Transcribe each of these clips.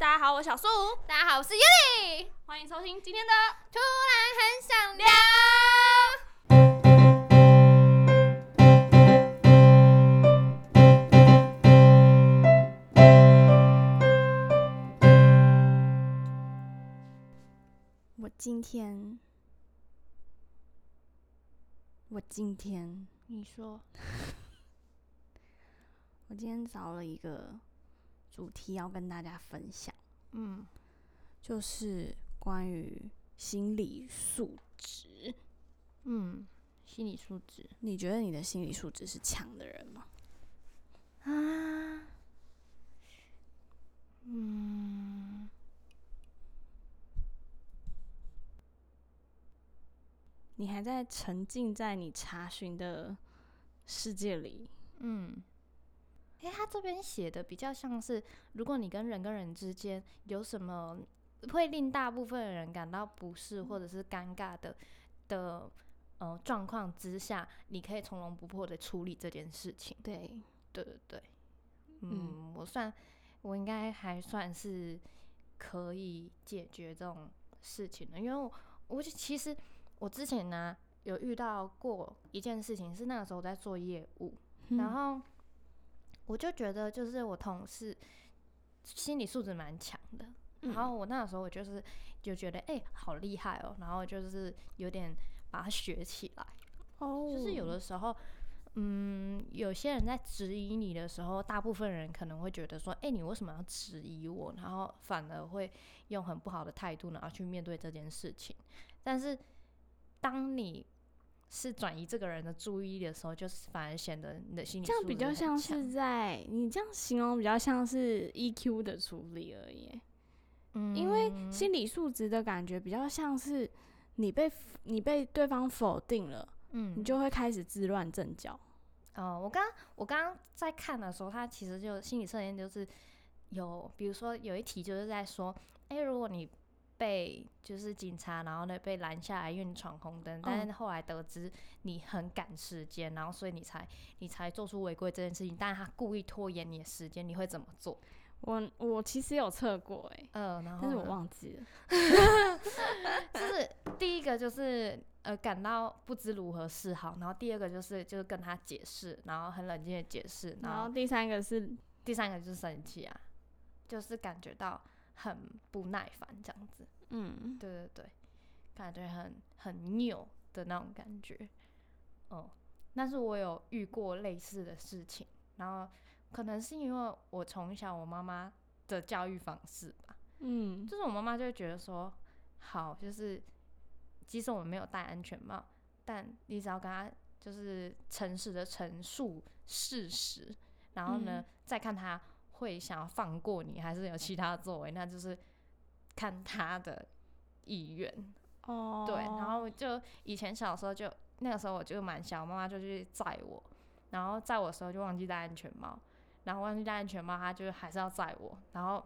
大家好，我是小蘇。大家好，我是尤里。歡迎收聽今天的《突然很想聊》。我今天，我今天，你說， 我今天找了一個。主題要跟大家分享，嗯，就是關於心理素質，嗯，心理素質，你覺得你的心理素質是強的人嗎？啊，嗯，你還在沉浸在你查詢的世界裡，嗯。哎、欸，他這邊寫的比較像是，如果你跟人跟人之間有什麼會令大部分的人感到不適或者是尷尬的、嗯、的呃狀況之下，你可以從容不迫的處理這件事情。對，對對對，嗯，嗯我算我應該還算是可以解決這種事情的，因為我，我就其實我之前呢、啊、有遇到過一件事情，是那時候我在做業務，嗯、然後。我就覺得，就是我同事心理素質蠻強的、嗯，然後我那時候我就是就覺得，哎、欸，好厲害哦、喔，然後就是有點把它學起來，哦、oh.，就是有的時候，嗯，有些人在質疑你的時候，大部分人可能會覺得說，哎、欸，你為什麼要質疑我？然後反而會用很不好的態度，然後去面對這件事情。但是當你是轉移這個人的注意力的時候，就是反而顯得你的心理素質很強。這樣比較像是在你這樣形容比較像是 EQ 的處理而已，嗯，因為心理素質的感覺比較像是你被你被對方否定了，嗯，你就會開始自亂陣腳。哦，我剛我剛剛在看的時候，他其實就心理測驗就是有，比如說有一題就是在說，誒、欸，如果你被就是警察，然後呢被攔下來，因為你闖紅燈。但是後來得知你很趕時間，然後所以你才你才做出違規這件事情。但是他故意拖延你的時間，你會怎麼做？我我其實有測過哎、欸，呃然後，但是我忘記了。 就是第一個就是呃感到不知如何是好，然後第二個就是就是跟他解釋，然後很冷靜的解釋，然後第三個是第三個就是生氣啊，就是感覺到。很不耐煩這樣子，嗯，對對對，感覺很很拗的那種感覺。哦，但是我有遇過類似的事情，然後可能是因為我從小我媽媽的教育方式吧，嗯，就是我媽媽就會覺得說，好，就是即使我們沒有戴安全帽，但你只要跟她就是誠實的陳述事實，然後呢，嗯、再看她。會想要放過你，還是有其他作為，那就是看他的意願哦。Oh. 對，然後就以前小時候就那個時候我就蠻小，媽媽就去載我，然後載我的時候就忘記戴安全帽，然後忘記戴安全帽，她就還是要載我。然後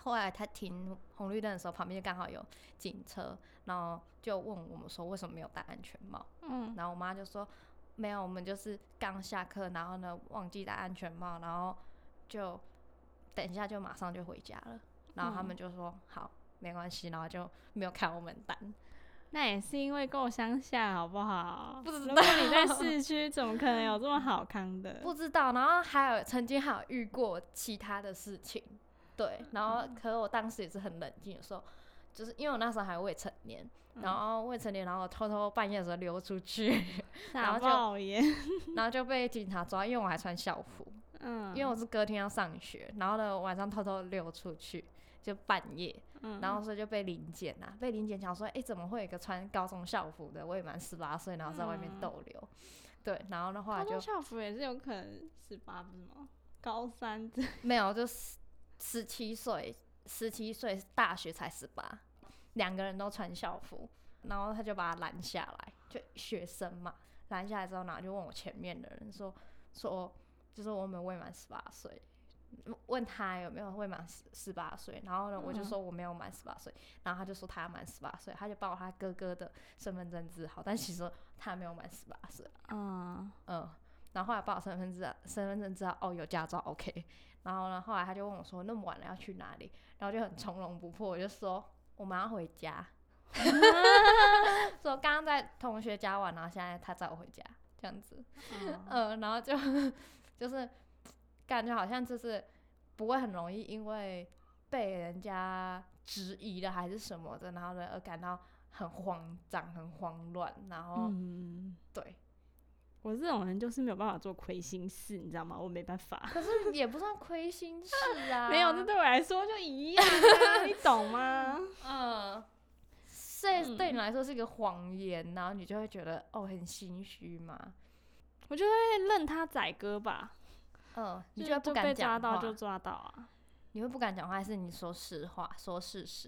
後來他停紅綠燈的時候，旁邊就剛好有警車，然後就問我們說為什麼沒有戴安全帽？嗯，然後我媽就說沒有，我們就是剛下課，然後呢忘記戴安全帽，然後。就等一下，就馬上就回家了。然後他們就說：“嗯、好，沒關係。”然後就沒有開我們單。那也是因為跟我鄉下，好不好？不知道你在市區怎麼可能有這麼好康的？不知道。然後還有曾經還有遇過其他的事情。對。然後，可是我當時也是很冷靜，說，就是因為我那時候還未成年，然後未成年，然後我偷偷半夜的時候溜出去，嗯、 然後就，好好 然後就被警察抓，因為我還穿校服。嗯，因為我是隔天要上學，然後呢晚上偷偷溜出去，就半夜，嗯、然後所以就被臨檢吶，被臨檢講說，哎、欸，怎麼會有一個穿高中校服的，我也滿十八歲，然後在外面逗留，嗯、對，然後的話就校服也是有可能十八不是嗎？高三沒有，就十十七歲，十七歲大學才十八，兩個人都穿校服，然後他就把他攔下來，就學生嘛，攔下來之後，然後就問我前面的人說說。就是我們未滿十八歲，問他有沒有未滿十十八歲，然後呢，我就說我沒有滿十八歲，然後他就說他要滿十八歲，他就報他哥哥的身份證字號，但其實他還沒有滿十八歲。嗯嗯，然後後來報身份證，身份證字號哦有駕照 OK，然後呢，後來他就問我說那麼晚了要去哪裡，然後就很從容不迫，我就說我們要回家，說剛剛在同學家玩，然後現在他載我回家這樣子，嗯，呃、然後就。 就是感覺好像就是不會很容易因為被人家質疑的還是什麼的，然後呢而感到很慌張、很慌亂。然後，嗯、對我這種人就是沒有辦法做虧心事，你知道嗎？我沒辦法。可是也不算虧心事啊。 沒有，這對我來說就一樣，啊， 你懂嗎？嗯，這、呃、對你來說是一個謊言，嗯，然後你就會覺得哦，很心虛嘛。我就會任他宰割吧，嗯，你就會不敢講話，就被抓到就抓到啊。你會不敢講話，還是你說實話，說事實？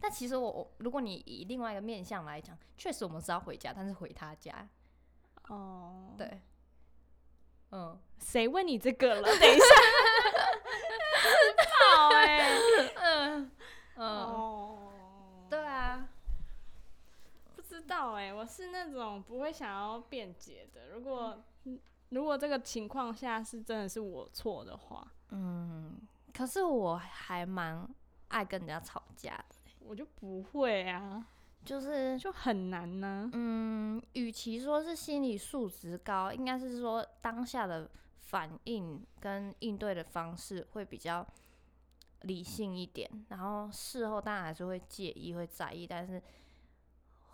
但其實我，我如果你以另外一個面向來講，確實我們是要回家，但是回他家。哦，對，嗯，誰問你這個了？ 等一下，好 泡、欸，哎、 嗯，嗯嗯。哦知道誒、欸，我是那種不會想要辯解的。如果如果這個情況下是真的是我錯的話，嗯，可是我還蠻愛跟人家吵架的、欸。我就不會啊，就是就很難呢、啊。嗯，與其說是心理素質高，應該是說當下的反應跟應對的方式會比較理性一點。然後事後當然還是會介意，會在意，但是。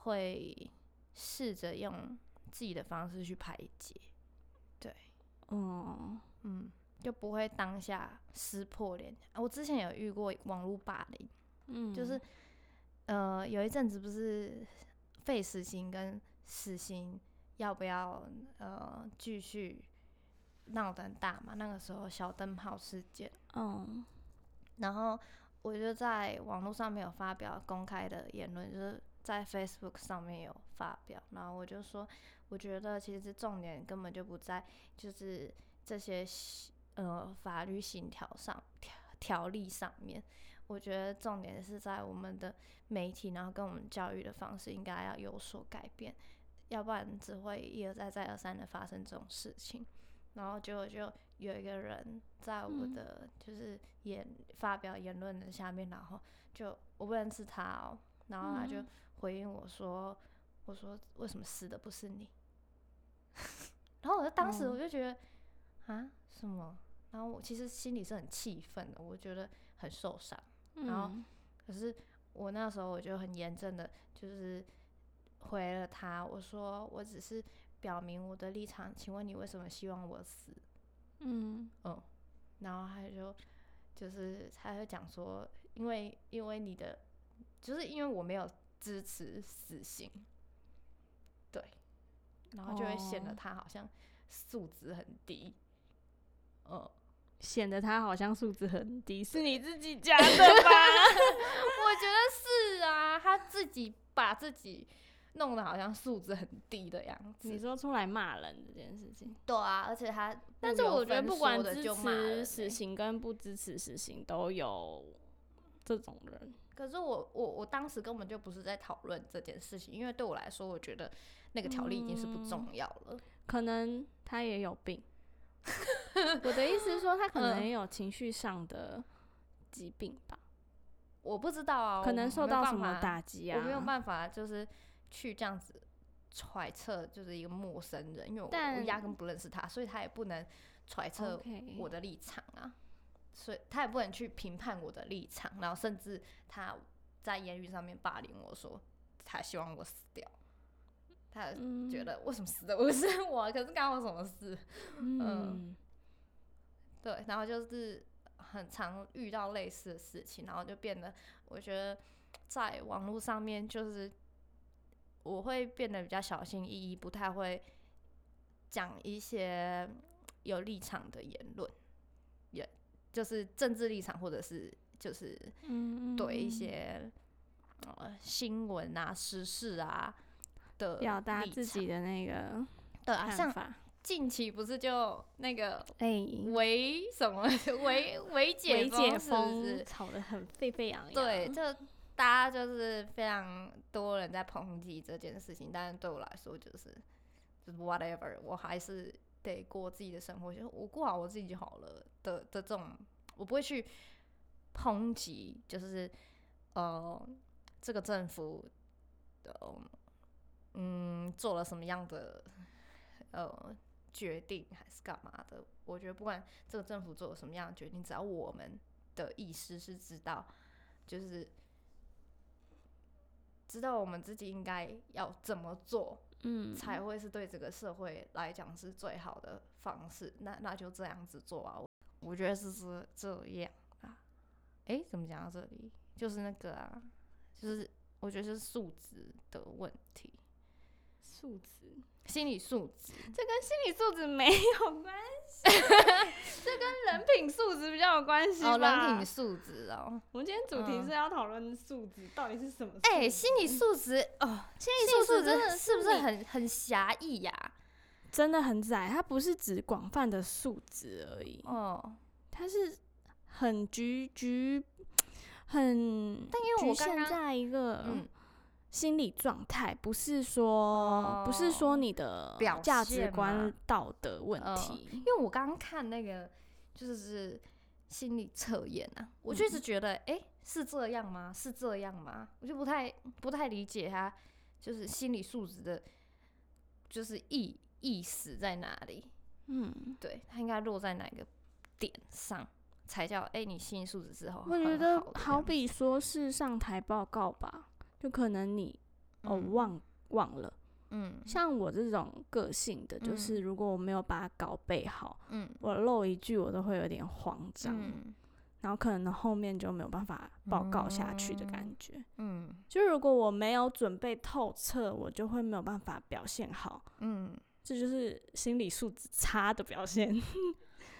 會試着用自己的方式去排解，對，嗯、oh. 嗯，就不會當下撕破臉、啊。我之前有遇過網絡霸凌，嗯、mm.，就是呃，有一陣子不是廢死刑跟死刑要不要呃繼續鬧得很大嘛？那個時候小燈泡事件，嗯、oh.，然後我就在網絡上面有發表公開的言論，就是。在 Facebook 上面有發表，然後我就說，我覺得其實重點根本就不在，就是這些呃法律刑條上條條例上面，我覺得重點是在我們的媒體，然後跟我們教育的方式應該要有所改變，要不然只會一而再再而三的發生這種事情。然後結果就有一個人在我的就是言發表言論的下面，然後就我不認識他哦。然後他就回應我說、嗯：“我說為什麼死的不是你？” 然後我就當時我就覺得啊、嗯，什麼？然後我其實心裡是很氣憤的，我覺得很受傷。嗯、然後可是我那時候我就很嚴正的，就是回了他，我說：“我只是表明我的立場，請問你為什麼希望我死？”嗯嗯，然後他就就是他就講說：“因為因為你的。”就是因為我沒有支持死刑，對，然後就會顯得他好像素質很低，oh. 呃，顯得他好像素質很低，是你自己講的吧？ 我覺得是啊，他自己把自己弄得好像素質很低的樣子。你說出來罵人這件事情，對啊，而且他，但是我覺得不管支持死刑跟不支持死刑都有這種人。可是我我我當時根本就不是在討論這件事情，因為對我來說，我覺得那個條例已經是不重要了。嗯，可能他也有病， 我的意思是說他可能也有情緒上的疾病吧，我不知道啊，可能受到什麼打擊啊我，我沒有辦法就是去這樣子揣測，就是一個陌生人，但因為我壓根不認識他，所以他也不能揣測我的立場啊。Okay. 所以，他也不能去評判我的立場，然後甚至他在言語上面霸凌我說，他希望我死掉，他也覺得為什麼死的不是我？可是干我什麼事？嗯、呃，對，然後就是很常遇到類似的事情，然後就變得我覺得在網絡上面，就是我會變得比較小心翼翼，不太會講一些有立場的言論，也、yeah.。就是政治立場，或者是就是對一些呃新聞啊、時事啊的表達自己的那個對啊，想法。像近期不是就那個哎微什麼微微解封是不是吵得很沸沸揚揚？對，就大家就是非常多人在抨擊這件事情，但是對我來說就是就 whatever，我還是。得過自己的生活，就我過好我自己就好了的的這種，我不會去抨擊，就是呃，這個政府，的、呃、嗯，做了什麼樣的呃決定還是幹嘛的？我覺得不管這個政府做了什麼樣的決定，只要我們的意思是知道，就是知道我們自己應該要怎麼做。嗯，才會是對這個社會來講是最好的方式。那那就這樣子做啊，我覺得是是這樣啊。哎、欸，怎麼講到這裡？就是那個啊，就是我覺得是素質的問題。素質，心理素質，這跟心理素質沒有關係， 這跟人品素質比較有關係吧？哦，人品素質哦。我們今天主題是要討論素質，哦、到底是什麼素質？哎、欸，心理素質，嗯、哦，心理素質真的是不是很是不是很狹義呀？真的很窄，它不是指廣泛的素質而已哦，它是很局局，很，但因為我剛剛局限在一個、嗯心理狀態不是說、哦，不是說你的價值觀、道德問題。呃、因為我剛剛看那個，就是，就是心理測驗啊，嗯、我就一直覺得，哎、欸，是這樣嗎？是這樣嗎？我就不太不太理解他，就是心理素質的，就是意意思在哪裡？嗯，對，他應該落在哪個點上，才叫哎、欸，你心理素質之後好的？我覺得好比說是上台報告吧。就可能你哦忘、嗯、忘了，嗯，像我這種個性的，就是如果我沒有把稿背好，嗯，我漏一句我都會有點慌張、嗯，然後可能後面就沒有辦法報告下去的感覺，嗯，嗯就如果我沒有準備透徹，我就會沒有辦法表現好，嗯，這就是心理素質差的表現，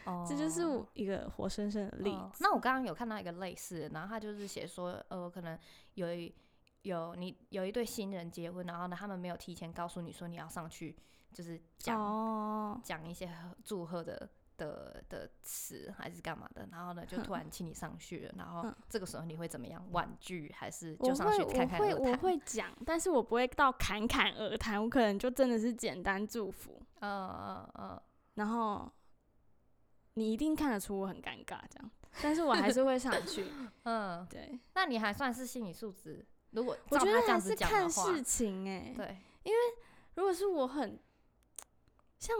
嗯、 這就是一個活生生的例子。哦哦、那我剛剛有看到一個類似的，然後他就是寫說，呃，可能由於。有你有一對新人結婚，然後呢，他們沒有提前告訴你說你要上去，就是講講、oh. 一些祝賀的的的詞還是幹嘛的，然後呢就突然請你上去了，huh. 然後這個時候你會怎麼樣婉拒還是就上去侃侃而談？我會，我會，我會講，但是我不會到侃侃而談，我可能就真的是簡單祝福，嗯嗯嗯，然後你一定看得出我很尷尬這樣， 但是我還是會上去， 嗯，對，那你還算是心理素質。如果他我覺得還是看事情哎、欸，對，因為如果是我很像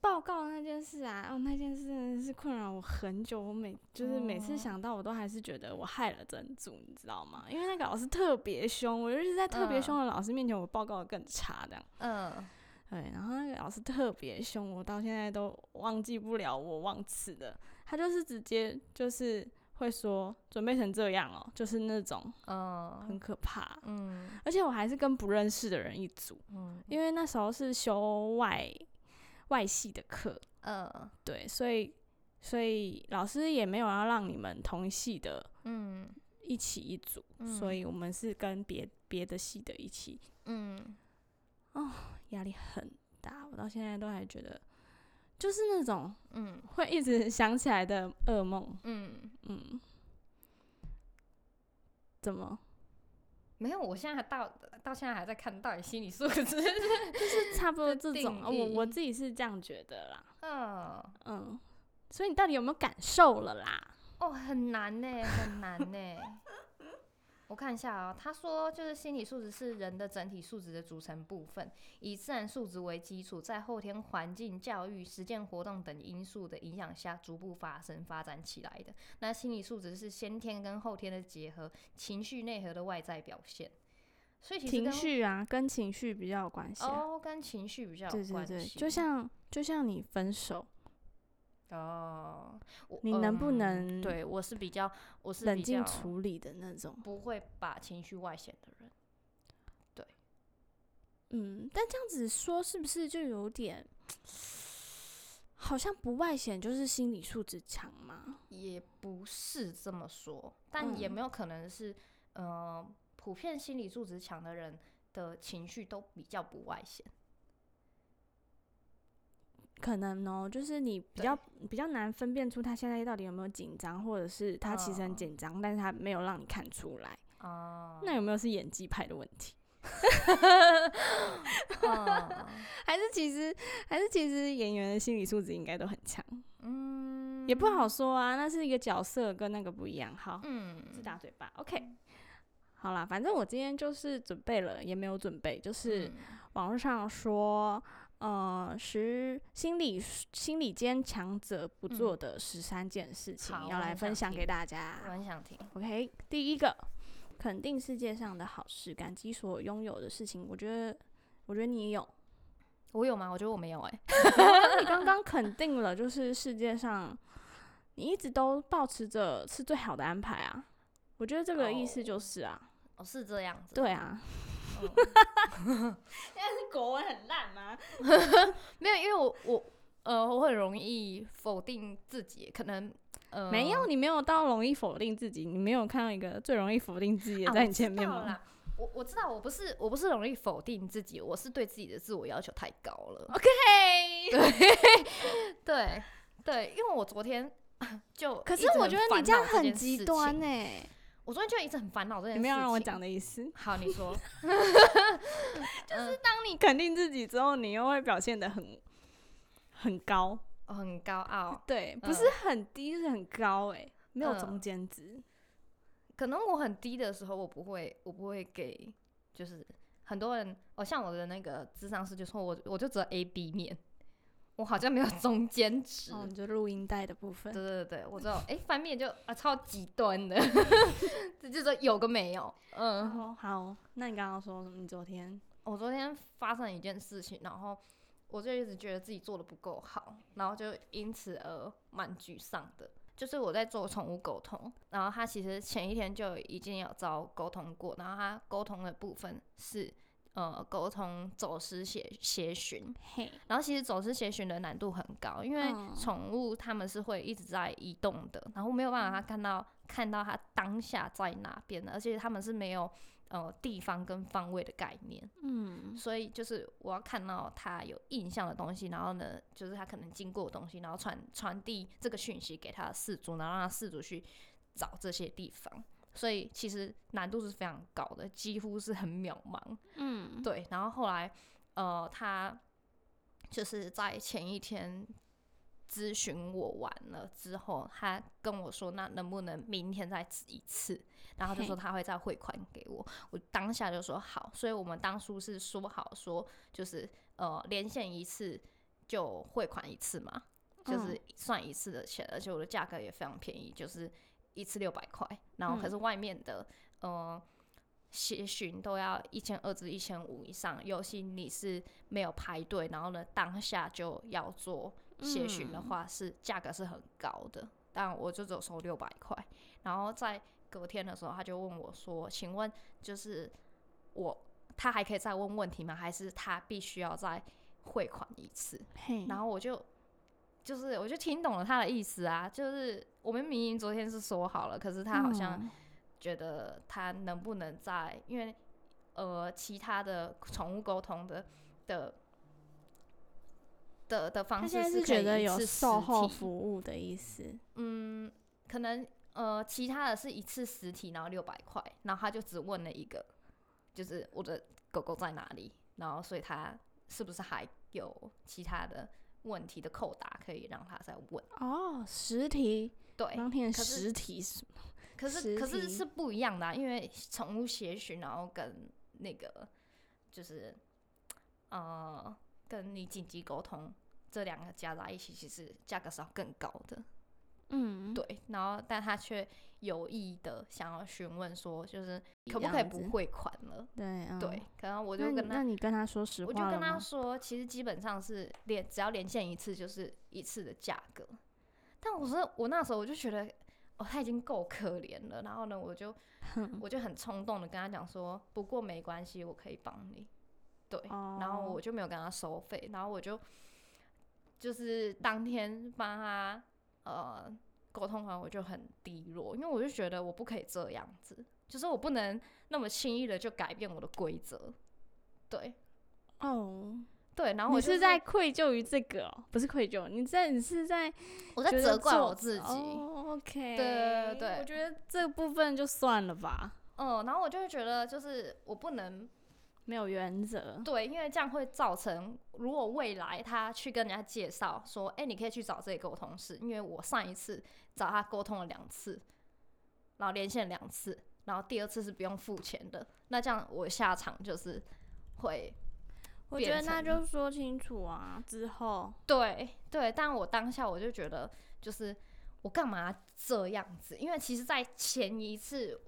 報告那件事啊。哦，那件事真的是困擾我很久，我每就是每次想到我都還是覺得我害了珍珠、哦，你知道嗎？因為那個老師特別凶，我就是在特別凶的老師面前，我報告的更差，這樣，嗯，對，然後那個老師特別凶，我到現在都忘記不了我，我忘詞了，他就是直接就是。會說準備成這樣哦、喔，就是那種，嗯、uh,，很可怕，嗯、mm.，而且我還是跟不認識的人一組，嗯、mm.，因為那時候是修外外系的課，uh. 對，所以所以老師也沒有要讓你們同系的，嗯，一起一組，mm. 所以我們是跟別別的系的一起，嗯，哦，壓力很大，我到現在都還覺得。就是那種，嗯，會一直想起來的噩夢，嗯嗯。怎麼？沒有，我現在還到到現在還在看到底心理素質 就是差不多這種，哦、我我自己是這樣覺得啦。嗯、哦、嗯，所以你到底有沒有感受了啦？哦，很難呢，很難呢。 我看一下啊，他說就是心理素質是人的整體素質的組成部分，以自然素質為基礎，在後天環境、教育、實踐活動等因素的影響下，逐步發生發展起來的。那心理素質是先天跟後天的結合，情緒內核的外在表現。所以情緒啊，跟情緒比較有關係哦，啊，Oh, 跟情緒比較有關係。對對對，就像就像你分手。哦、嗯，你能不能、嗯、對我是比較，我是冷靜處理的那種，不會把情緒外顯的人。對，嗯，但這樣子說是不是就有點，好像不外顯就是心理素質強嘛？也不是這麼說，但也沒有可能是，嗯、呃，普遍心理素質強的人的情緒都比較不外顯。可能哦，就是你比較比較難分辨出他現在到底有沒有緊張，或者是他其實很緊張，uh, 但是他沒有讓你看出來。哦，uh，那有沒有是演技派的問題？Uh. 還是其實還是其實演員的心理素質應該都很強。嗯，也不好說啊，那是一個角色跟那個不一樣。好，嗯，是大嘴巴。OK，嗯，好啦，反正我今天就是準備了，也沒有準備，就是網絡上說。嗯.呃，十心理心理堅強者不做的十三件事情，要來分享給大家，嗯，我。我很想聽。OK，第一個，肯定世界上的好事，感激所擁有的事情。我覺得，我覺得你也有，我有嗎？我覺得我沒有、欸。哎， 你剛剛肯定了，就是世界上 你一直都抱持着是最好的安排啊。我覺得這個意思就是啊，哦、oh, oh,，是這樣子。對啊。 現在是國文很爛嗎？沒有，因為我我呃，我很容易否定自己，可能呃，沒有，你沒有到容易否定自己，你沒有看到一個最容易否定自己的在你前面嗎？啊、我知我，我知道我不是我不是容易否定自己，我是對自己的自我要求太高了。OK，對對、對，因為我昨天就，可是我覺得你這樣很極端，哎、欸。我昨天就一直很煩惱這件事情。有沒有讓我講的意思？好，你說。 就是當你、嗯、肯定自己之後，你又會表現得很很高、哦，很高傲。對，不是很低，嗯、是很高、欸。哎，沒有中間值、嗯。可能我很低的時候，我不會，我不會給，就是很多人。哦，像我的那個諮商師，就說我我就只有 A、B 面。我好像沒有中間值，哦、你就錄音帶的部分。對對對，我知道。哎、欸，翻面就啊，超極端的，這 就說有個沒有。嗯，然後好，那你剛剛說什麼？你昨天？我昨天發生一件事情，然後我就一直覺得自己做得不夠好，然後就因此而蠻沮喪的。就是我在做寵物溝通，然後他其實前一天就已經有找溝通過，然後他溝通的部分是。呃、嗯，溝通走失協協尋，hey. 然後其實走失協尋的難度很高，因為寵物他們是會一直在移動的，oh. 然後沒有辦法他看到看到他當下在哪邊的，而且他們是沒有呃地方跟方位的概念，嗯、oh.，所以就是我要看到他有印象的東西，然後呢，就是他可能經過的東西，然後傳傳遞這個訊息給他的飼主，然後讓他的飼主去找這些地方。所以其實難度是非常高的，幾乎是很渺茫。嗯，對。然後後來，呃，他就是在前一天諮詢我完了之後，他跟我說：“那能不能明天再一次？”然後他說他會再匯款給我。我當下就說好。所以我們當初是說好說，就是呃，連線一次就匯款一次嘛、嗯，就是算一次的錢。而且我的價格也非常便宜，就是。一次六百塊，然後可是外面的，嗯、呃，協詢都要一千二至一千五以上，尤其你是沒有排隊，然後呢，當下就要做協詢的話是，是價格是很高的。嗯、但我就只有收六百塊，然後在隔天的時候，他就問我說：“請問就是我他還可以再問問題嗎？還是他必須要再匯款一次嘿？”然後我就，就是我就聽懂了他的意思啊，就是。我們明明昨天是說好了，可是他好像覺得他能不能在、嗯、因為呃其他的寵物溝通的的的的方式，他現在是覺得有售後服務的意思。嗯，可能呃其他的是一次實體，然後六百塊，然後他就只問了一個，就是我的狗狗在哪裡，然後所以他是不是還有其他的問題的扣打可以讓他再問？哦，實體。對，當天實體是可是可是，可是是不一樣的啊，因為寵物協尋，然後跟那個就是呃，跟你緊急溝通，這兩個加在一起，其實價格是要更高的。嗯，對。然後，但他卻有意的想要詢問說，就是可不可以不匯款了？對，對。可、嗯、能我就跟他那，你那你跟他說實話嗎？我就跟他說，其實基本上是連只要連線一次就是一次的價格。但我是我那時候我就覺得哦，他已經夠可憐了，然後呢我就 我就很衝動的跟他講說，不過沒關係，我可以幫你，對，oh. 然後我就沒有跟他收費，然後我就就是當天幫他呃溝通完，我就很低落，因為我就覺得我不可以這樣子，就是我不能那麼輕易的就改變我的規則，對，哦、oh.。對，然後我是在愧疚於這個、喔，不是愧疚，你在你是在，我在責怪我自己。Oh, OK，對，對，我覺得這部分就算了吧。嗯，然後我就會覺得，就是我不能沒有原則。對，因為這樣會造成，如果未來他去跟人家介紹說，哎、欸，你可以去找這個溝通師」，因為我上一次找他溝通了兩次，然後連線兩次，然後第二次是不用付錢的，那這樣我下場就是會。我覺得那就說清楚啊，之後對對，但我當下我就覺得，就是我幹嘛這樣子？因為其實，在前一次，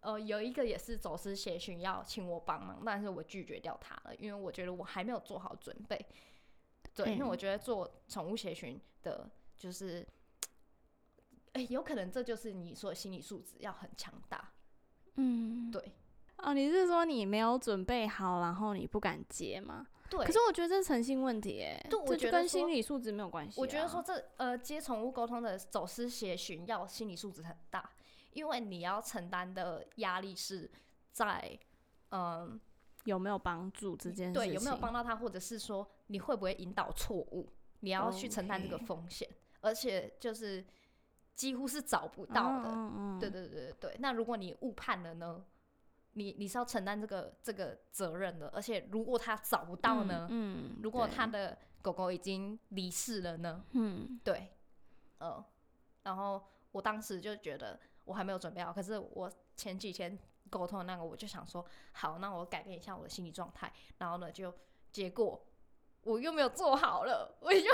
呃，有一個也是走失協尋要請我幫忙，但是我拒絕掉他了，因為我覺得我還沒有做好準備。對，嗯、因為我覺得做寵物協尋的，就是，哎、欸，有可能這就是你說的心理素質要很強大。嗯，對。哦，你是說你沒有準備好，然後你不敢接嗎？對。可是我覺得這是誠信問題，哎，這就跟心理素質沒有關係，啊。我覺得說這呃接寵物溝通的走失協尋要心理素質很大，因為你要承擔的壓力是在嗯、呃、有沒有幫助之間，對，有沒有幫到他，或者是說你會不會引導錯誤，你要去承擔這個風險，okay. 而且就是幾乎是找不到的，嗯嗯，嗯。對對對對對，那如果你誤判了呢？你你是要承擔這個這個責任的，而且如果他找不到呢？嗯。嗯，如果他的狗狗已經離世了呢？嗯，對，呃，然後我當時就覺得我還沒有準備好，可是我前幾天溝通的那個，我就想說，好，那我改變一下我的心理狀態。然後呢，就結果我又沒有做好了，我又……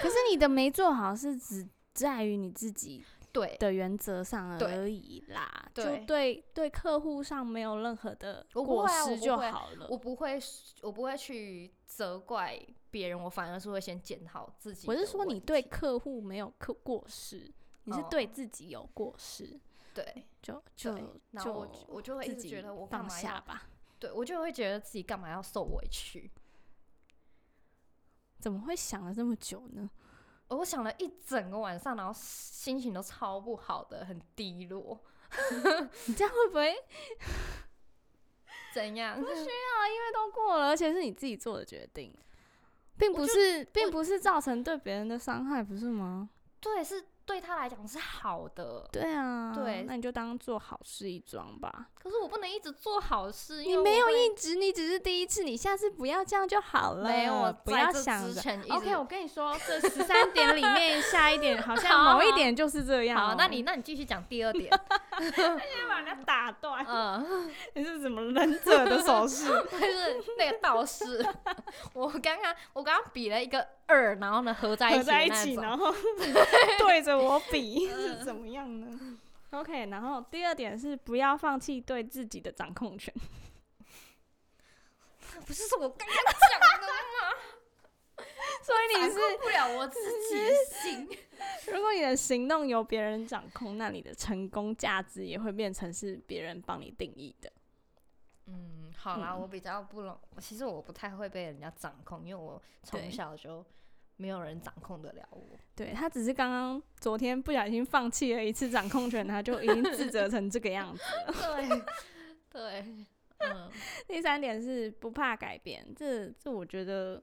可是你的沒做好，是只在於你自己。對的原則上而已啦，對對就對對客戶上沒有任何的過失、啊、就好了。我不會，我不會，我不會去責怪別人，我反而是會先檢討自己。我是說，你對客戶沒有客過失，你是對自己有過失、哦。對，就對就就，我就會自己覺得我放下吧。對，我就會覺得自己幹嘛要受委屈？怎麼會想了這麼久呢？哦、我想了一整個晚上，然後心情都超不好的，很低落。 你這樣會不會怎樣？ 不需要，因為都過了，而且是你自己做的決定，並不是，並不是造成對別人的傷害，不是嗎？對，是。對他來講是好的，對啊，對，那你就當做好事一樁吧。可是我不能一直做好事，因為你沒有一直，你只是第一次，你下次不要這樣就好了。沒有，我不要想着。OK，我跟你說，這十三點裡面 下一點，好像某一點就是這樣哦。好啊，好啊，那你那你繼續講第二點。 把人家打斷。嗯嗯、 你是，是怎麼忍者的手勢？就 是那個道士。 我剛剛我剛剛比了一個二，然後呢合在一起，合在一起，然後對着我比 是怎麼樣呢、 嗯、？OK，然後第二點是不要放棄對自己的掌控權。 不是說我剛剛講的嗎？ 所以你是掌控不了我自己。行，如果你的行動由別人掌控， 那你的成功價值也會變成是別人幫你定義的。嗯，好啦，嗯、我比較不容，其實我不太會被人家掌控，因為我從小就沒有人掌控得了我。對，對他只是剛剛昨天不小心放棄了一次掌控權， 他就已經自責成這個樣子。 對，對，嗯。 第三點是不怕改變，這這我覺得。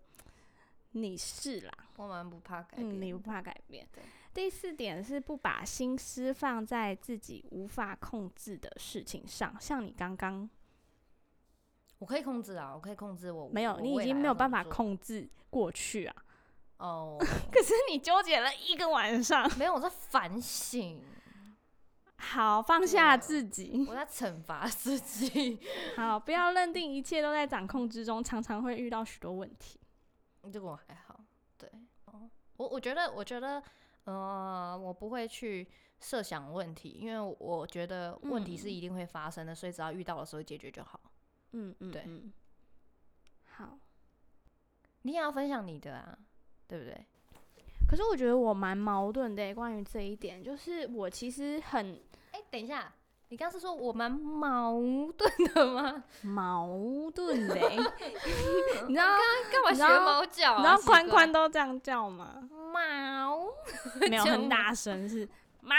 你是啦，我們不怕改變，嗯，你不怕改變，對。第四點是不把心思放在自己無法控制的事情上，像你剛剛，我可以控制啊，我可以控制我，我沒有，你已經沒有辦法控制過去啊。哦、oh. 可是你糾結了一個晚上，沒有，我在反省。好，放下自己，oh. 我在懲罰自己。 好，不要認定一切都在掌控之中，常常會遇到許多問題。這個我還好，對，哦，我我覺得，我覺得，呃，我不會去設想問題，因為我覺得問題是一定會發生的，嗯、所以只要遇到的時候解決就好。嗯，嗯嗯，對，好，你也要分享你的啊，對不對？可是我覺得我蠻矛盾的，關於這一點，就是我其實很，哎、欸，等一下。你剛是說我們矛盾的嗎？矛盾的你知道剛剛幹嘛學貓叫、啊、你然後寬寬都這樣叫嗎？貓， 沒有很大聲，是貓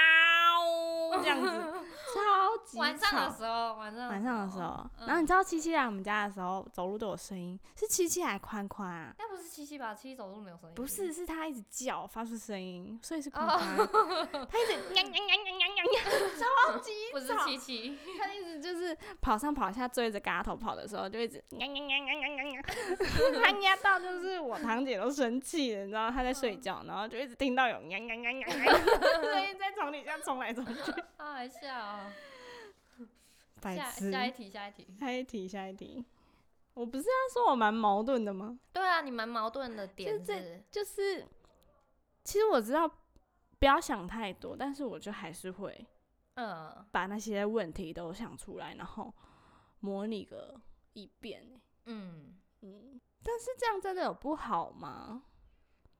這樣子。 晚上的時候，晚上的時候，然後你知道七七來我們家的時候走路都有聲音，是七七還寬寬啊？那不是七七吧？七七走路沒有聲音、啊。不是，是他一直叫，發出聲音，所以是寬寬。他、哦、一直呀呀呀呀呀超級吵、嗯、不是七七，他一直就是跑上跑下，追着嘎頭跑的時候，就一直呀呀呀呀呀呀呀，他 呀到就是我堂姐都生氣了，你知道？他在睡覺，然後就一直聽到有呀呀呀呀，聲 音在床底下衝來衝去。好笑啊、哦！下下一題，下一題，下一題，下一題。我不是要說我蠻矛盾的嗎？對啊，你蠻矛盾的點子，就、就是其實我知道不要想太多，但是我就還是會，把那些問題都想出來，嗯、然後模擬個一遍。嗯嗯，但是這樣真的有不好嗎？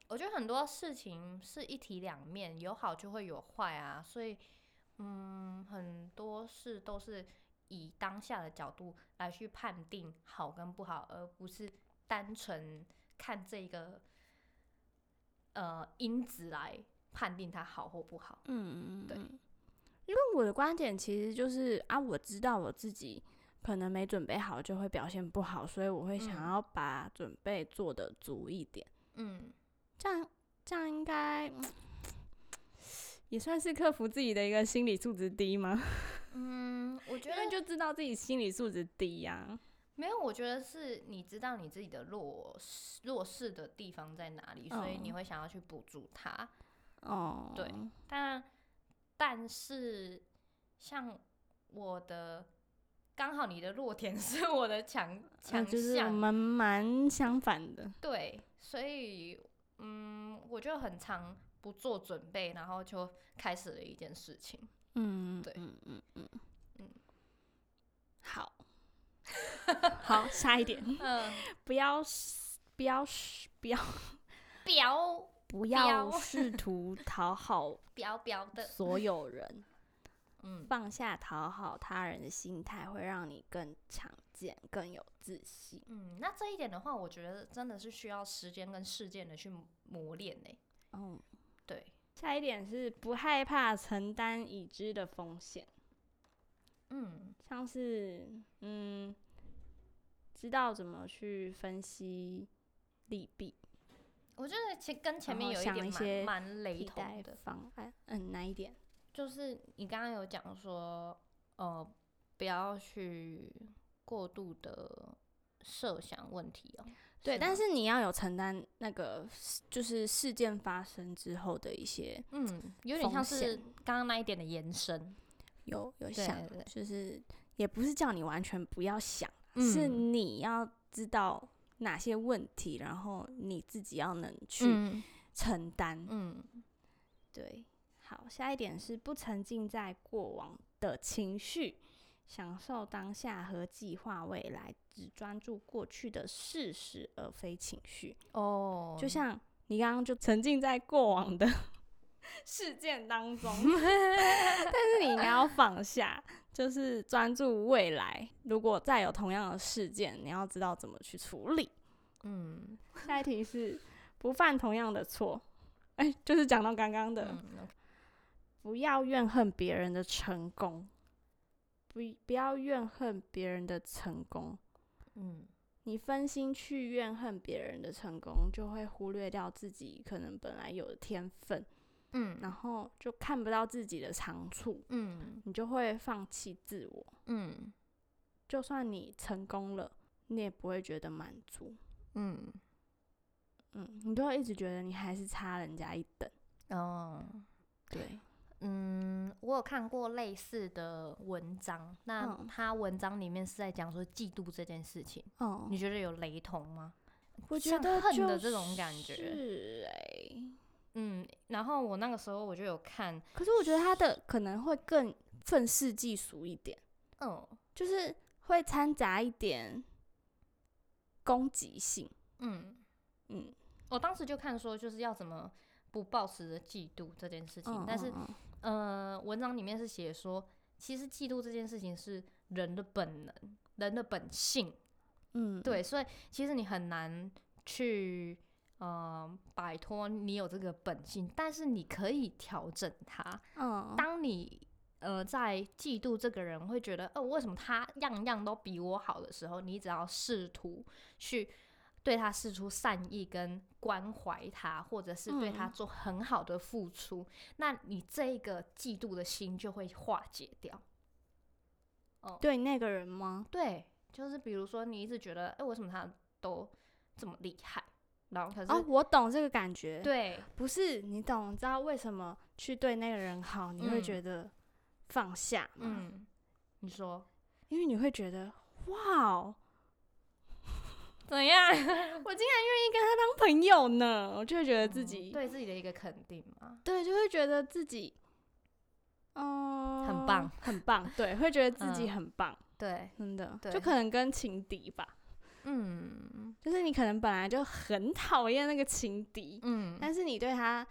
我覺得很多事情是一體兩面，有好就會有壞啊，所以嗯，很多事都是。以當下的角度來去判定好跟不好，而不是單純看這個呃因子來判定它好或不好。嗯嗯嗯，對。因為我的觀點其實就是啊，我知道我自己可能沒準備好就會表現不好，所以我會想要把準備做得足一點。嗯，這樣這樣應該。也算是克服自己的一個心理素質低嗎？嗯，我覺得就知道自己心理素質低呀、啊。沒有，我覺得是你知道你自己的弱勢弱勢的地方在哪裡，oh. 所以你會想要去補助它。哦、oh，對，但但是像我的剛好你的弱點是我的強強項，啊就是、我們蠻相反的。對，所以嗯，我就很常。不做準備，然後就開始了一件事情。嗯，對，嗯嗯嗯嗯，好， 好，下一點。嗯，不要，不要，不要，不要試圖討好表表的 所有人。嗯，放下討好他人的心態，會讓你更強健，更有自信。嗯，那這一點的話，我覺得真的是需要時間跟事件的去磨練呢、欸。嗯。下一點是不害怕承擔已知的風險，嗯，像是嗯，知道怎麼去分析利弊。我覺得其實跟前面有一點蠻，一些蠻雷同的方案。嗯，哪一點？就是你剛剛有講說，呃，不要去過度的設想問題哦。對，但是你要有承擔那個，就是事件發生之後的一些，嗯，有點像是剛剛那一點的延伸，有有想，對對對，就是也不是叫你完全不要想，嗯，是你要知道哪些問題，然後你自己要能去承擔，嗯，嗯，對，好，下一點是不沉浸在過往的情緒。享受當下和計劃未來，只專注過去的事實而非情緒。哦、oh.，就像你剛剛就沉浸在過往的 事件當中， 但是你要放下， 就是專注未來。如果再有同樣的事件，你要知道怎麼去處理。嗯、mm.，下一題是不犯同樣的錯。哎、欸，就是講到剛剛的，mm, no. 不要怨恨別人的成功。不不要怨恨別人的成功，嗯，你分心去怨恨別人的成功，就會忽略掉自己可能本來有的天分，嗯，然後就看不到自己的長處，嗯，你就會放棄自我，嗯，就算你成功了，你也不會覺得滿足，嗯，嗯，你都會一直覺得你還是差人家一等，哦、oh.，對。嗯，我有看過類似的文章，那他文章裡面是在講說嫉妒這件事情、嗯，你覺得有雷同嗎？我覺得、就是、恨的這種感覺是哎、欸，嗯，然後我那個時候我就有看，可是我覺得他的可能會更憤世嫉俗一點，嗯，就是會摻雜一點攻擊性，嗯嗯，嗯，我當時就看說就是要怎麼不抱持嫉妒這件事情，嗯、但是。嗯嗯呃，文章裡面是寫說，其實嫉妒這件事情是人的本能，人的本性。嗯，對，所以其實你很難去呃擺脫你有這個本性，但是你可以調整它。哦，當你呃在嫉妒這個人，會覺得哦，呃，為什麼他樣樣都比我好的時候，你只要試圖去。對他釋出善意跟關懷他，他或者是對他做很好的付出，嗯、那你這一個嫉妒的心就會化解掉。Oh, 對那個人嗎？對，就是比如說你一直覺得，哎，為什麼他都這麼厲害，然後他說哦，我懂這個感覺。對，不是你懂，知道為什麼去對那個人好，你會覺得放下嗎？嗯，你說，因為你會覺得哇、哦。怎樣？ 我竟然願意跟他當朋友呢？我就會覺得自己、嗯、對自己的一個肯定嘛。對，就會覺得自己，哦、呃，很棒，很棒。對，會覺得自己很棒。對、嗯，真的，對，就可能跟情敵吧。嗯，就是你可能本來就很討厭那個情敵，嗯，但是你對他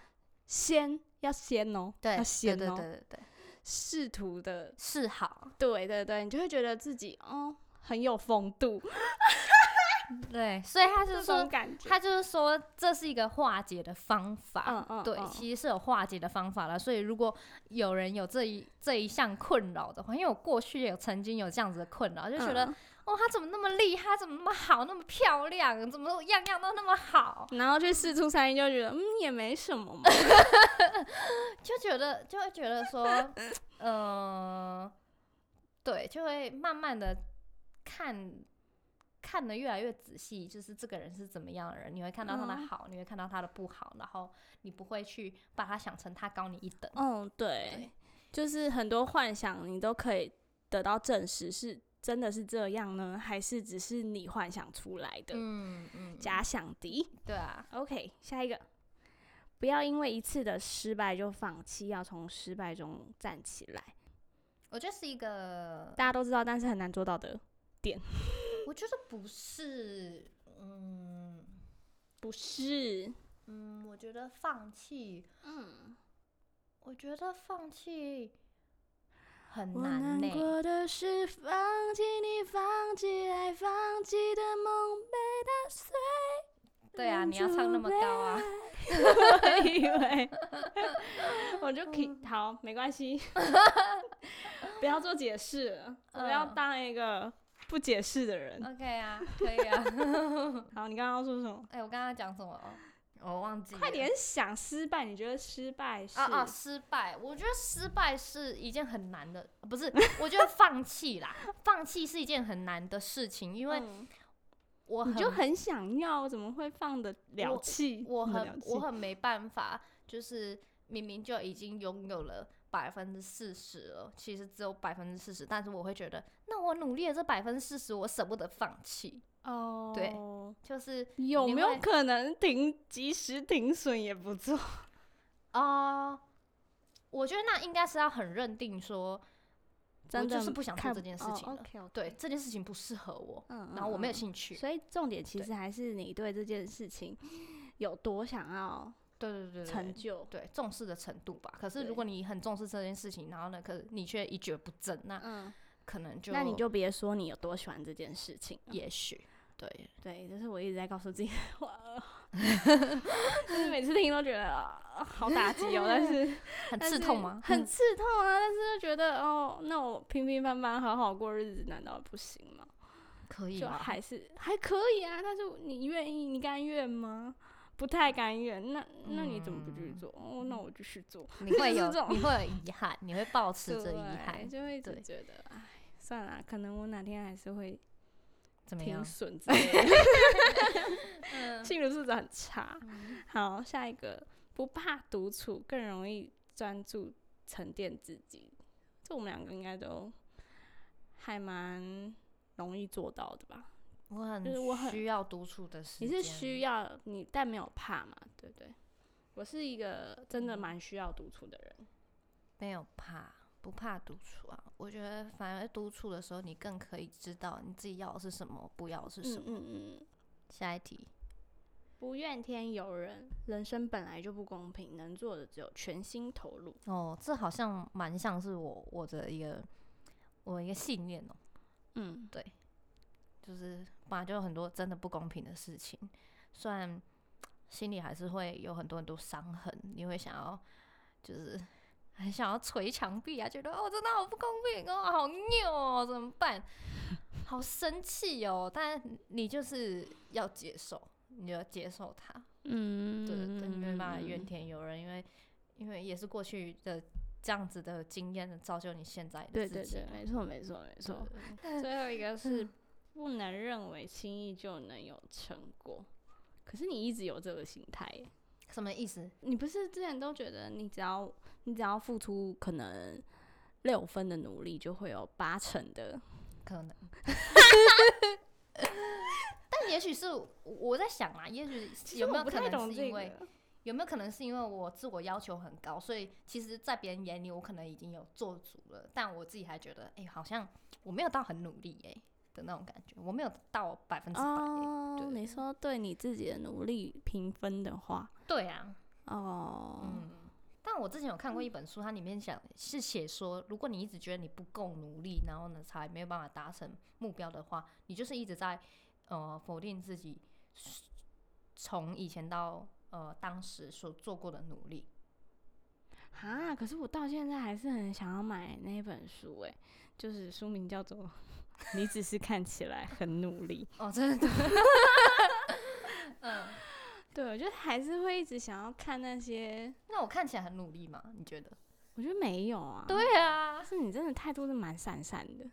先要先哦、喔，對，要先哦、喔，對對對，對，試圖的示好。對對對，你就會覺得自己哦、嗯，很有風度。 對，所以他就是說，他就是說這是一個化解的方法。Uh, uh, uh. 對，其實是有化解的方法了。所以如果有人有這一這一項困擾的話，因為我過去也曾經有這樣子的困擾，就覺得、uh. 哦，他怎麼那麼厲害，怎麼那麼好，那麼漂亮，怎麼樣樣都那麼好，然後去試處一下就覺得嗯，也沒什麼嘛， 就覺得就會覺得說，嗯、呃，對，就會慢慢的看。看得越來越仔細，就是這個人是怎麼樣的人，你會看到他的好、嗯，你會看到他的不好，然後你不會去把他想成他高你一等。嗯，對，對，就是很多幻想你都可以得到證實，是真的是這樣呢，還是只是你幻想出來的？嗯嗯，假想敵。對啊，OK，下一個，不要因為一次的失敗就放棄，要從失敗中站起來。我覺得是一個大家都知道，但是很難做到的點。 我覺得不是，嗯，不是，嗯，我覺得放棄，嗯，我覺得放棄很難呢。我難過的是放棄你，放棄愛，放棄的夢被打碎。對啊，你要唱那麼高啊！我以為， 我就可以、嗯，好，沒關係， 不要做解釋，我、嗯、要當一個。不解釋的人。OK 啊，可以啊。 好，你剛剛說什麼？哎、欸，我剛剛講什麼？我、oh, 忘記。快點想失敗。你覺得失敗是？啊啊，失敗。我覺得失敗是一件很難的，不是？ 我覺得放棄啦，放棄是一件很難的事情，因為我很， 我就很想要，怎麼會放得了氣？我，我很 我很沒辦法，就是明明就已經擁有了。百分之四十了，其實只有百分之四十，但是我會覺得，那我努力的這百分之四十，我捨不得放棄哦。Oh, 對，就是有沒有可能停，及時停損也不做啊？Uh, 我覺得那應該是要很認定說，真的就是不想做這件事情。Oh, okay, okay. 對，這件事情不適合我，嗯，然後我沒有興趣。嗯，所以重點其實還是你對這件事情有多想要。對，對對對，成就對重視的程度吧。可是如果你很重視這件事情，然後呢，可是你卻一蹶不振，那可能就、嗯、那你就別說你有多喜歡這件事情。嗯、也許對對，就是我一直在告訴自己，就 是每次聽都覺得啊好打擊哦。 但，是 但是很刺痛嗎？很刺痛啊！ 但是又覺得哦，那我平平凡凡好好過日子難道不行嗎？可以嗎？還是還可以啊。但是你願意，你甘願嗎？不太甘願，那那你怎麼不去做？哦、嗯，那、oh, no, 我就去做。你會有 你會有遺遺憾， 你會抱持着遺憾對，就會一直覺得哎，算了，可能我哪天還是會怎麼樣損之類的心理素質很差、嗯。好，下一個不怕獨處，更容易專注沉澱自己，這我們兩個應該都還蠻容易做到的吧。我很需要獨處的時間、就是。你是需要你，但沒有怕嘛？對不對，對？我是一個真的蠻需要獨處的人、嗯，沒有怕，不怕獨處啊。我覺得反而獨處的時候，你更可以知道你自己要的是什麼，不要的是什麼。嗯嗯，嗯。下一題。不怨天尤人，人生本來就不公平，能做的只有全心投入。哦，這好像蠻像是我我的一個，我的一個，我的一個信念哦。嗯，對。就是本來就有很多真的不公平的事情，雖然心裡還是會有很多很多傷痕，你會想要就是很想要捶牆壁啊，覺得哦真的好不公平哦，好拗哦，怎麼辦？好生氣哦！但你就是要接受，你就要接受它。嗯，對，對，對，你沒辦法怨天尤人，因為因為也是過去的這樣子的經驗，造就你現在的自己。對對對，沒錯沒錯沒錯。最後一個是。 不能認為輕易就能有成果，可是你一直有這個心態，什麼意思？你不是之前都覺得你只要你只要付出可能六分的努力，就會有八成的可能？ 但也許是我在想嘛，也許有沒有可能是因為有沒有可能是因為我自我要求很高，所以其實在別人眼裡我可能已經有做足了，但我自己還覺得，哎、欸，好像我沒有到很努力哎、欸。的那種感覺，我沒有到百分之百，欸。就，oh, 你說對你自己的努力評分的話，對啊。哦、oh.，嗯，但我之前有看過一本書，它裡面講是寫說，如果你一直覺得你不夠努力，然後呢，才沒有辦法達成目標的話，你就是一直在呃否定自己從以前到呃當時所做過的努力。啊，可是我到現在還是很想要買那本書，欸，誒，就是書名叫做。 你只是看起來很努力哦，真的。 嗯，對，我覺得還是會一直想要看那些。那我看起來很努力嗎？你覺得？我覺得沒有啊。對啊，是你真的態度是蠻散散的。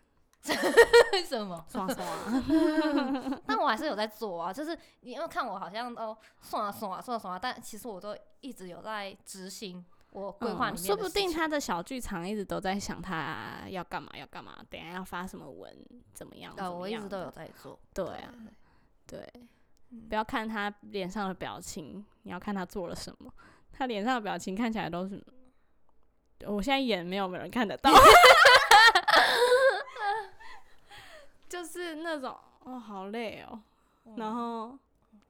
為 什麼？爽啊，爽啊 但我還是有在做啊，就是你要看我好像都爽啊爽啊爽啊爽啊，但其實我都一直有在執行。我規劃、哦，說不定他的小劇場一直都在想他要幹嘛，要幹嘛，等一下要發什麼文，怎麼樣？對、啊，我一直都有在做，對、啊，對、對、對、嗯。不要看他臉上的表情，你要看他做了什麼。他臉上的表情看起來都是、嗯……我現在演沒有沒有人看得到 就是那種哦，好累哦，嗯、然後。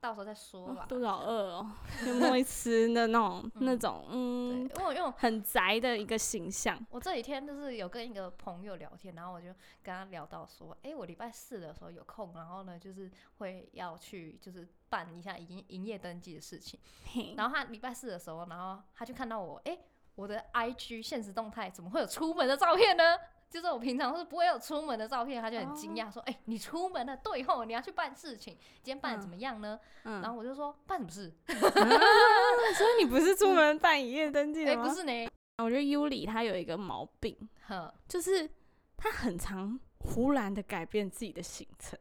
到時候再說吧。都好餓哦，哦 有沒有吃的那種、 嗯、那種嗯，因為我有很宅的一個形象。我這幾天就是有跟一個朋友聊天，然後我就跟他聊到說，哎、欸，我禮拜四的時候有空，然後呢，就是會要去就是辦一下營營業登記的事情。然後他禮拜四的時候，然後他就看到我，哎、欸，我的 IG 限時動態怎麼會有出門的照片呢？就是我平常是不會有出門的照片，他就很驚訝說：“哎、哦欸，你出門了？對哦，以後你要去辦事情，今天辦的怎麼樣呢、嗯？”然後我就說：“辦什麼事？”啊、 所以你不是出門辦營業登記的？嗎？哎、嗯欸，不是呢。我覺得 Yuli 他有一個毛病，呵就是他很常忽然的改變自己的行程，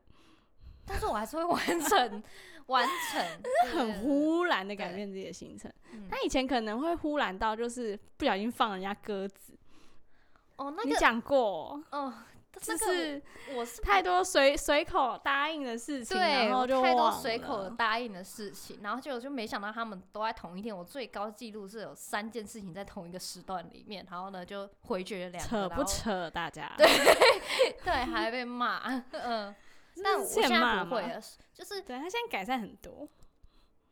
但是我還是會完成， 完成，對對對對，很忽然的改變自己的行程。他以前可能會忽然到，就是不小心放人家鴿子。哦，那個你講過，這、嗯、個、就是我是太多隨隨口答應的事情，對，然後了太多隨口答應的事情，然後就就沒想到他們都在同一天。我最高記錄是有三件事情在同一個時段裡面，然後呢就回絕了兩個，扯不扯大家？對 對，還被罵， 嗯，但我現在不會了，就是對他現在改善很多，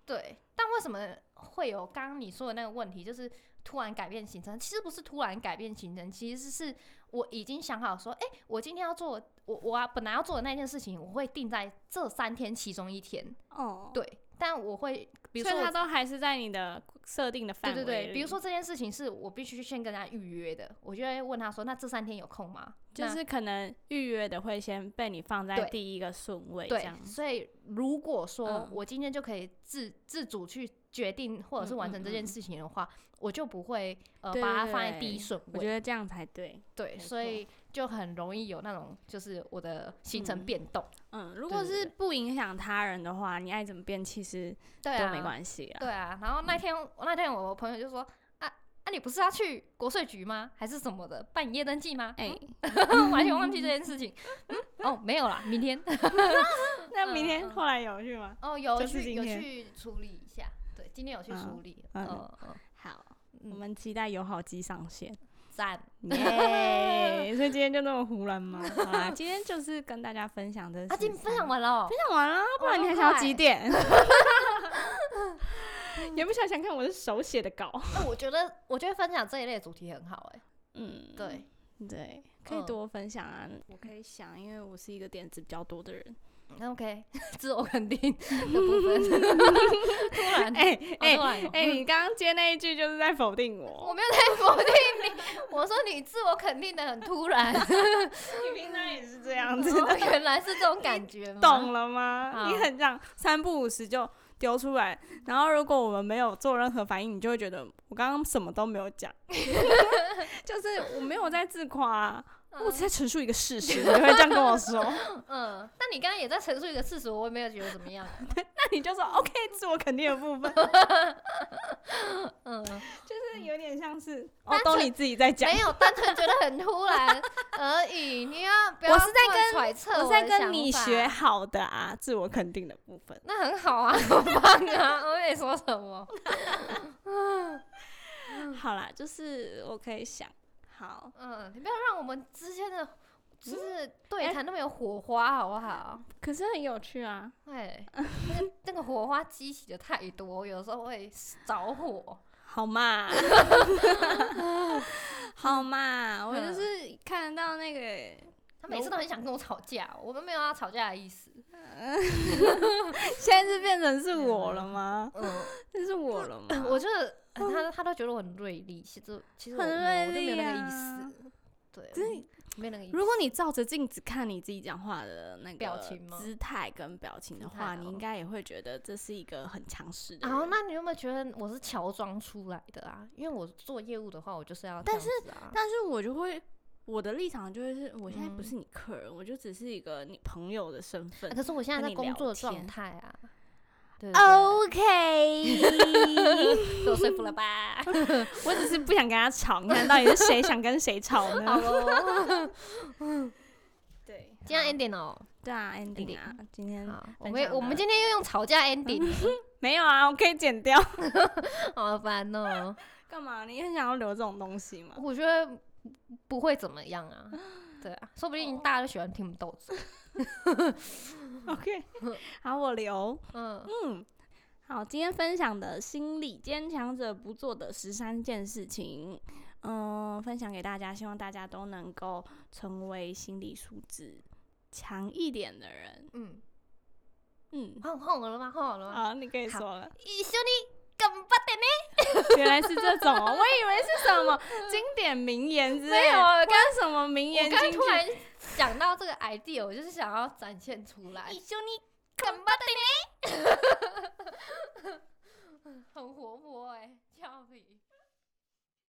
對。但為什麼會有剛剛你說的那個問題？就是。突然改變行程，其實不是突然改變行程，其實是我已經想好說，哎、欸，我今天要做我我本來要做的那件事情，我會定在這三天其中一天。哦、oh.，對，但我會，比如說我，所以它都還是在你的設定的範圍。對，對，對比如說這件事情是我必須先跟他預約的，我就會問他說，那這三天有空嗎？就是可能預約的會先被你放在第一個順位這樣，對。對，所以如果說我今天就可以自、嗯、自主去。決定或者是完成這件事情的話，嗯嗯嗯，我就不會呃，把它放在第一順位。我覺得這樣才對，對，所以就很容易有那種就是我的行程變動。嗯，嗯，對對對對，如果是不影響他人的話，你愛怎麼變其實都沒關係啊。對啊。然後那天我、嗯、那天我朋友就說啊啊，你不是要去國稅局嗎？還是什麼的辦營業登記嗎？哎、欸， 我還挺忘記這件事情。嗯 嗯、哦，沒有啦，明天。 那明天 嗯嗯，後來有去嗎？哦，有、就是、有去有去處理。今天有去處理，嗯，哦哦、好，我、嗯、們期待有好機上線。贊耶！Yeah、 所以今天就那麼胡亂嘛啊，今天就是跟大家分享的啊，今天分享完了，分享完了，不然你還想要幾點？哦 嗯、也不想想看我的手寫的稿。那、嗯、 我覺得，我覺得分享這一類主題很好、欸，哎，嗯，對對，可以多分享啊、嗯。我可以想，因為我是一個點子比較多的人。那 OK，自我肯定的部分 突然，誒誒誒，你剛剛接那一句就是在否定我，我沒有在否定你， 我說你自我肯定的很突然， 你平常也是這樣子的。哦，原來是這種感覺嗎？懂了嗎？你很這樣三不五時就丟出來，然後如果我們沒有做任何反應，你就會覺得我剛剛什麼都沒有講， 就是我沒有在自誇啊。我只在陳述一個事實，你 會這樣跟我說？嗯，那你剛剛也在陳述一個事實，我也沒有覺得怎麼樣。 那你就說 OK，自我肯定的部分。 嗯，就是有點像是、哦、都你自己在講，沒有單純覺得很突然而已。 你要不要？我是在跟揣測，我是在跟你學好的啊，自我肯定的部分。那很好啊，很棒啊， 我沒說什麼。 好啦，就是我可以想。好，嗯，你不要讓我們之間的隻、就是對談那麼有火花好不好？可是很有趣啊，哎， 那個火花激起的太多，有時候會着火，好嘛， 好嘛、嗯，我就是看得到那個、欸。他每次都很想跟我吵架，我們沒有要吵架的意思。嗯、 現在是變成是我了嗎？嗯，那、嗯、是我了嗎？我就是、呃嗯、他他都覺得我很銳利，其實其實我銳、啊、就沒那個意思。對，如果你照着鏡子看你自己講話的那個表情嗎？姿態跟表情的話，你應該也會覺得這是一個很強勢。然、哦、後，那你有沒有覺得我是喬裝出來的啊？因為我做業務的話，我就是要、啊、但是但是我就會。我的立場就是，我現在不是你客人，嗯，我就只是一個你朋友的身份啊。可是我現在在工作狀態啊，對對對。OK。都 說服了吧我？我只是不想跟他吵，你看到底是誰想跟誰吵呢？ 好哦， 對，今天 ending 哦。對啊，ending 啊。今天我們我們今天又用吵架 ending。 沒有啊，我可以剪掉。 好煩煩哦。幹 嘛？你很想要留這種東西嗎？我覺得。不會怎麼樣啊，對啊，說不定大家就喜歡聽我們鬥嘴。 OK，好，我留嗯。嗯，好，今天分享的心理堅強者不做的十三件事情，嗯，分享給大家，希望大家都能夠成為心理素質強一點的人。嗯嗯，換好,好了嗎？換好,好了嗎？好，你可以說了。一幹嘛的呢？原來是這種、喔，我以為是什麼經典名言之類的。 沒有幹什麼名言金句。剛突然想到這個 idea，我就是想要展現出來。一 休樂，你幹嘛的呢？很活潑哎，俏皮。